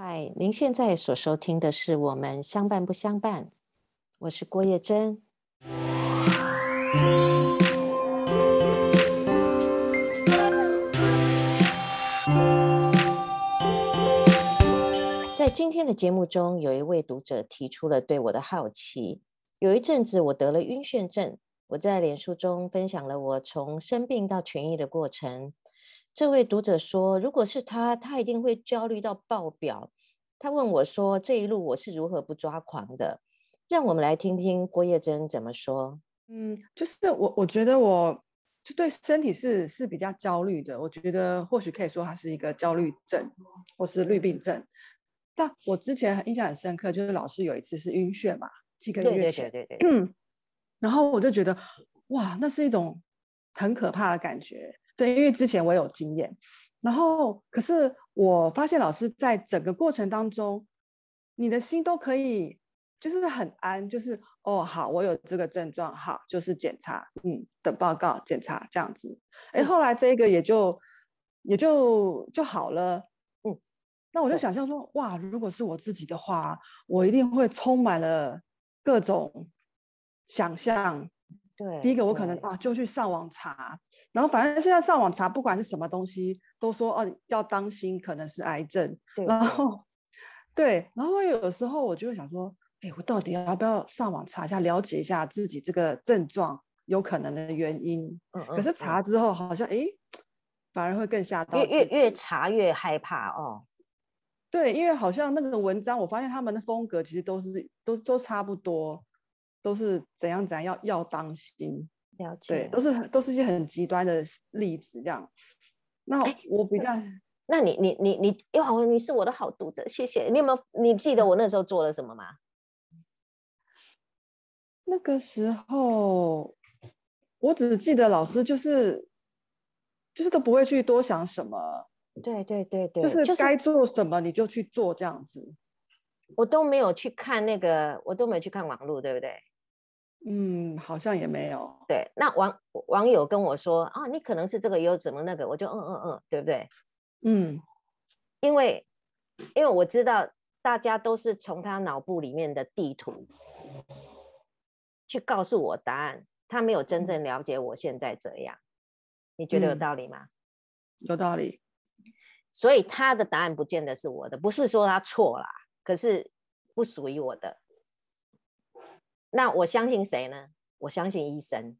嗨，Hi, 您現在所收聽的是我們相伴不相伴，我是郭葉珍。 在今天的節目中，有一位讀者提出了對我的好奇。有一陣子，我得了暈眩症，我在臉書中分享了我從生病到痊癒的過程。這位讀者說：“如果是他，他一定會焦慮到爆表。”他問我說：“這一路我是如何不抓狂的？”讓我們來聽聽郭葉珍怎麼說。嗯，就是我，我覺得我就對身體是是比較焦慮的。我覺得或許可以說它是一個焦慮症，或是慮病症。嗯、但我之前很印象很深刻，就是老師有一次是暈眩嘛，幾個月前，對對。嗯，然後我就覺得，哇，那是一種很可怕的感覺。對，因為之前我有經驗，然後可是我發現老師在整個過程當中，你的心都可以就是很安，就是哦，好，我有這個症狀，好，就是檢查，嗯，等報告，檢查這樣子，誒後來這個也就也就就好了，嗯，那我就想象說，哇，如果是我自己的話，我一定會充滿了各種想象。對，對第一個我可能啊，就去上網查，對，然後反正現在上網查，不管是什麼東西，都說哦、啊、要當心，可能是癌症。對,對，然後對，然後有時候我就會想說，哎，我到底要不要上網查一下，了解一下自己這個症狀有可能的原因？嗯,嗯可是查之後好像哎、啊，反而會更嚇到。越越越查越害怕哦。對，因為好像那個文章，我發現他們的風格其實都是都都差不多。都是怎樣怎樣要，要要當心。了解、啊，對，都是都是一些很極端的例子這樣。那我比較，欸、那你你你你，哇、哦，你是我的好讀者，謝謝。你有沒有你記得我那時候做了什麼嗎？那個時候，我只記得老師就是就是都不會去多想什麼。對對對對，就是該做什麼你就去做這樣子、就是。我都沒有去看那個，我都沒有去看網絡，對不對？嗯，好像也沒有。對，那網網友跟我說啊，你可能是這個，又有怎麼那個，我就嗯嗯嗯，對不對？嗯，因為因為我知道大家都是從他腦部裡面的地圖去告訴我答案，他沒有真正了解我現在這樣，你覺得有道理嗎？嗯，有道理。所以他的答案不見得是我的，不是說他錯啦，可是不屬於我的。那我相信誰呢？我相信醫生，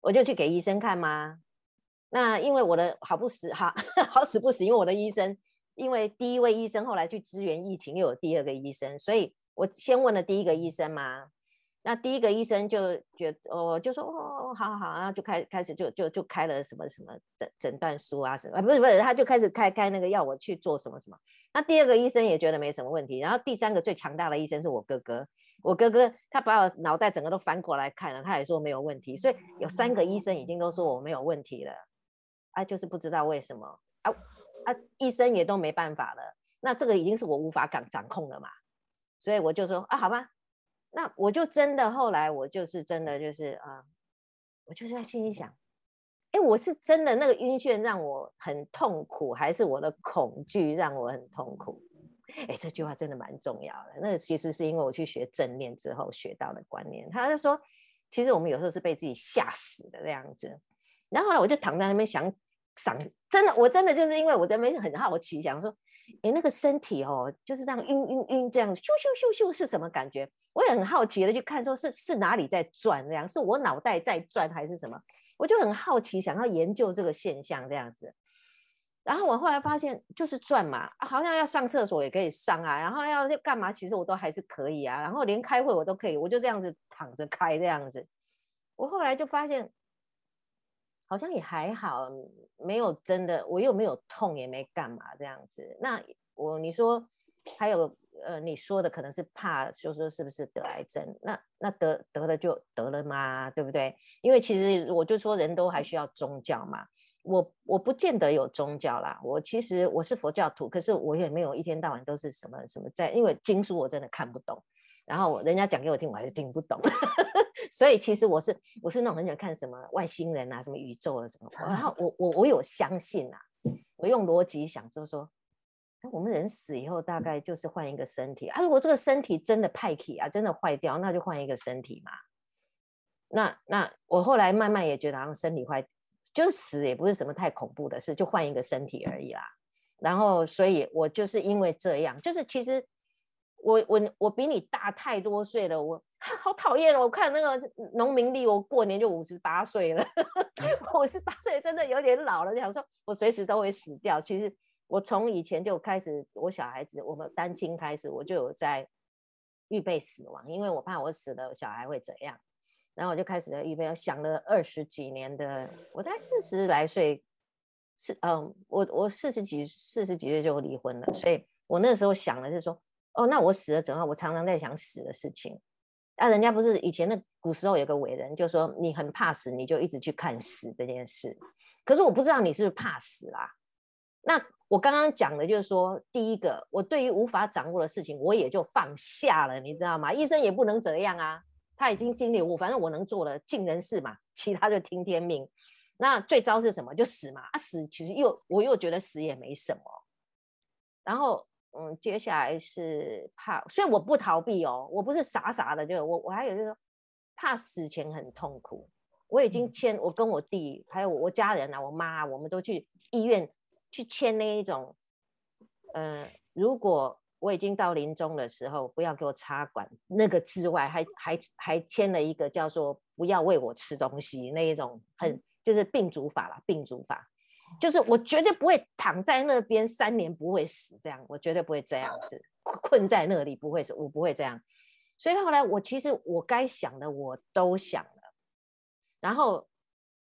我就去給醫生看嘛。那因為我的好不死哈，好死不死，因為我的醫生，因為第一位醫生後來去支援疫情，又有第二個醫生，所以我先問了第一個醫生嘛。那第一個醫生就覺得，我、哦、就說哦，好好好啊，就開開始就就就開了什麼什麼診診斷書啊什麼，不是不是，他就開始開開那個藥，我去做什麼什麼。那第二個醫生也覺得沒什麼問題，然後第三個最強大的醫生是我哥哥，我哥哥他把我腦袋整個都翻過來看了，他也說沒有問題。所以有三個醫生已經都說我沒有問題了，啊，就是不知道為什麼啊啊，醫生也都沒辦法了。那這個已經是我無法掌掌控了嘛，所以我就說啊，好吧。那我就真的後來，我就是真的就是啊，我就是在心裡想，哎、欸，我是真的那個暈眩讓我很痛苦，還是我的恐懼讓我很痛苦？哎、欸，這句話真的蠻重要的。那其實是因為我去學正念之後學到的觀念，他就說，其實我們有時候是被自己嚇死的這樣子。然後後來我就躺在那邊想。真的，我真的就是因為我在那邊很好奇，想說，你、欸、那個身體哦，就是這樣暈暈暈這樣，咻咻咻咻咻是什麼感覺？我也很好奇的去看，說是是哪裡在轉這樣，是我腦袋在轉還是什麼？我就很好奇，想要研究這個現象這樣子。然後我後來發現，就是轉嘛，好像要上廁所也可以上啊，然後要幹嘛，其實我都還是可以啊。然後連開會我都可以，我就這樣子躺着開這樣子。我後來就發現。好像也還好，沒有真的，我又沒有痛，也沒幹嘛這樣子。那我你說還有呃，你說的可能是怕，就是、說是不是得癌症？那那得，得了就得了嘛，對不對？因為其實我就說人都還需要宗教嘛。我我不見得有宗教啦，我其實我是佛教徒，可是我也沒有一天到晚都是什麼什麼在，因為經書我真的看不懂。然後人家講給我聽，我還是聽不懂， 所以其實我是我是那種很想看什麼外星人啊、什麼宇宙啊什麼。然後我我我有相信啊，我用邏輯想就是說，說、啊，我們人死以後大概就是換一個身體。哎、啊，如果這個身體真的派 k 啊，真的壞掉，那就換一個身體嘛。那那我後來慢慢也覺得，好像身體壞就死也不是什麼太恐怖的事，就換一個身體而已啦。然後所以，我就是因為這樣，就是其實。我我我比你大太多歲了，我好討厭哦！我看那個農民曆，我過年就五十八歲了，哈哈，五十八歲真的有點老了，想說我隨時都會死掉。其實我從以前就開始，我小孩子我們單親開始，我就有在預備死亡，因為我怕我死了，小孩會怎樣，然後我就開始在預備，我想了二十幾年的，我在四十來歲，是嗯、呃，我我四十幾四十幾歲就離婚了，所以我那時候想的是說。哦，那我死了怎樣？我常常在想死的事情。那、啊、人家不是以前的古時候有個偉人，就說你很怕死，你就一直去看死這件事。可是我不知道你是不是怕死啦、啊。那我剛剛講的就是說，第一個，我對於無法掌握的事情，我也就放下了，你知道嗎？醫生也不能怎樣啊，他已經盡力。我反正我能做的盡人事嘛，其他就聽天命。那最糟是什麼？就死嘛。啊，死其實又我又覺得死也沒什麼。然後。嗯，接下來是怕，所以我不逃避，哦，我不是傻傻的。就我我還有就是怕死前很痛苦，我已經簽，我跟我弟還有我家人啊，我媽、啊，我們都去醫院去簽那一種、呃，如果我已經到臨終的時候，不要給我插管那個之外還，還還還簽了一個叫做不要喂我吃東西那一種很，很就是病主法啦，病主法。就是我絕對不會躺在那邊三年不會死，這樣我絕對不會這樣子困在那裡不會死，我不會這樣。所以後來我其實我該想的我都想了。然後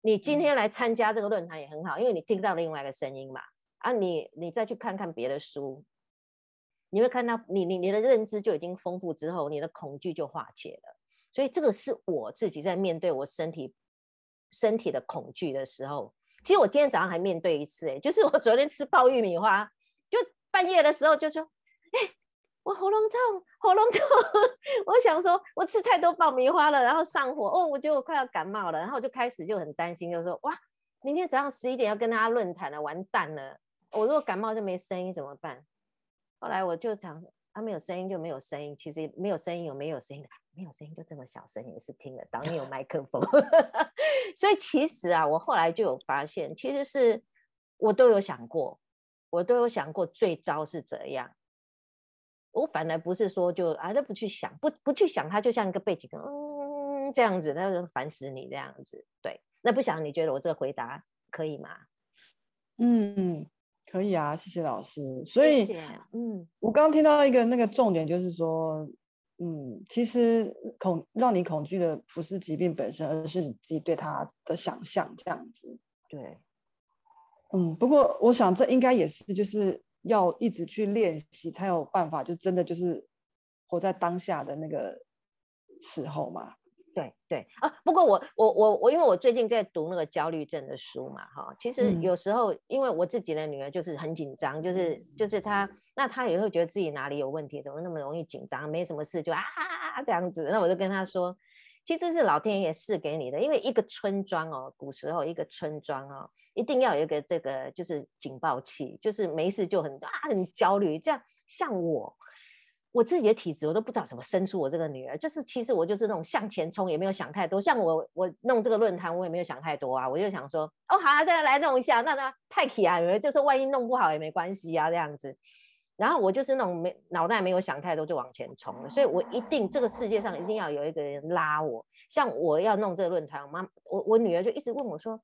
你今天來參加這個論壇也很好，因為你聽到另外一個聲音嘛。啊你，你你再去看看別的書，你會看到你你你的認知就已經豐富之後，你的恐懼就化解了。所以這個是我自己在面對我身體身體的恐懼的時候，其實我今天早上還面對一次、欸，哎，就是我昨天吃爆玉米花，就半夜的時候就說，哎、欸，我喉嚨痛，喉嚨痛，我想說，我吃太多爆米花了，然後上火，哦，我覺得我快要感冒了，然後我就開始就很擔心，就說，哇，明天早上十一點要跟大家論壇了，完蛋了，我如果感冒就沒聲音怎麼辦？後來我就想，它、啊、沒有聲音就沒有聲音，其實沒有聲音有沒有聲音的。沒有聲音就這麼小聲也是聽得到。你有麥克風， 所以其實啊，我後來就有發現，其實是我都有想過，我都有想過最糟是怎樣。我反而不是說就啊都不去想，不，不去想它，就像一個背景，嗯，這樣子，那就煩死你這樣子。對，那不想，你覺得我這個回答可以嗎？嗯，可以啊，謝謝老師。所以，謝謝啊、嗯，我剛剛聽到一個那個重點就是說。嗯，其實恐，讓你恐懼的不是疾病本身，而是你自己對它的想象這樣子。對，嗯，不過我想這應該也是就是要一直去練習，才有辦法就真的就是活在當下的那個時候嘛。對對啊，不過我我我我，因為我最近在讀那個焦慮症的書嘛，哈，其實有時候、嗯、因為我自己的女兒就是很緊張，就是就是她，那她也會覺得自己哪裡有問題，怎麼那麼容易緊張，沒什麼事就啊這樣子，那我就跟她說，其實是老天爺賜給你的，因為一個村莊哦，古時候一個村莊哦，一定要有一個這個就是警報器，就是沒事就很啊很焦慮，這樣像我。我自己的體質，我都不知道怎麼生出我這個女兒。就是其實我就是那種向前衝，也沒有想太多。像我我弄這個論壇，我也沒有想太多啊，我就想說哦，好啊，再來弄一下，那那太奇啊，有沒有？就是萬一弄不好也沒關係啊，這樣子。然後我就是那種沒腦袋，沒有想太多就往前衝了。所以我一定這個世界上一定要有一個人拉我。像我要弄這個論壇，我媽我我女兒就一直問我說。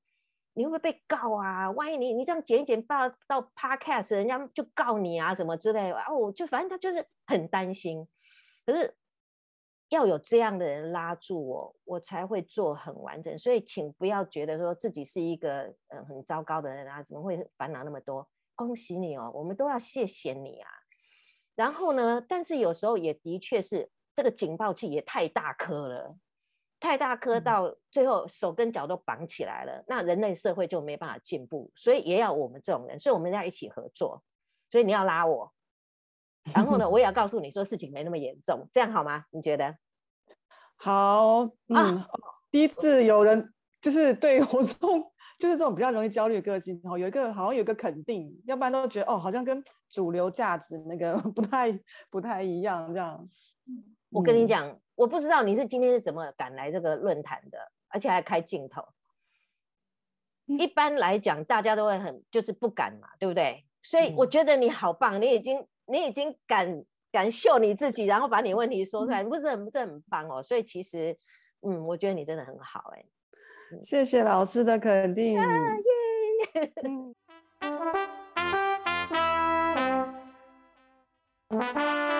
你會不會被告啊？萬一你你這樣剪一剪到到 Podcast，人家就告你啊，什麼之類？哦，就反正他就是很擔心。可是要有這樣的人拉住我，我才會做很完整。所以請不要覺得說自己是一個嗯、呃、很糟糕的人啊，怎麼會煩惱那麼多？恭喜你哦，我們都要謝謝你啊。然後呢，但是有時候也的確是這個警報器也太大顆了。太大顆到最後手跟腳都綁起來了，那人類社會就沒辦法進步，所以也要我們這種人，所以我們要一起合作。所以你要拉我，然後呢，我也要告訴你說事情沒那麼嚴重， 這樣好嗎？你覺得？好嗯、啊、第一次有人就是對我這種就是這種比較容易焦慮的個性，然後有一個好像有個肯定，要不然都覺得哦，好像跟主流價值那個不太不太一樣這樣。我跟你講，我不知道你是今天是怎麼敢來這個論壇的，而且還開鏡頭。一般來講，大家都會很就是不敢嘛，對不對？所以我覺得你好棒，你已經你已經敢敢秀你自己，然後把你問題說出來，不是很不是很棒哦。所以其實，嗯，我覺得你真的很好哎、欸。謝謝老師的肯定。Yeah, yeah!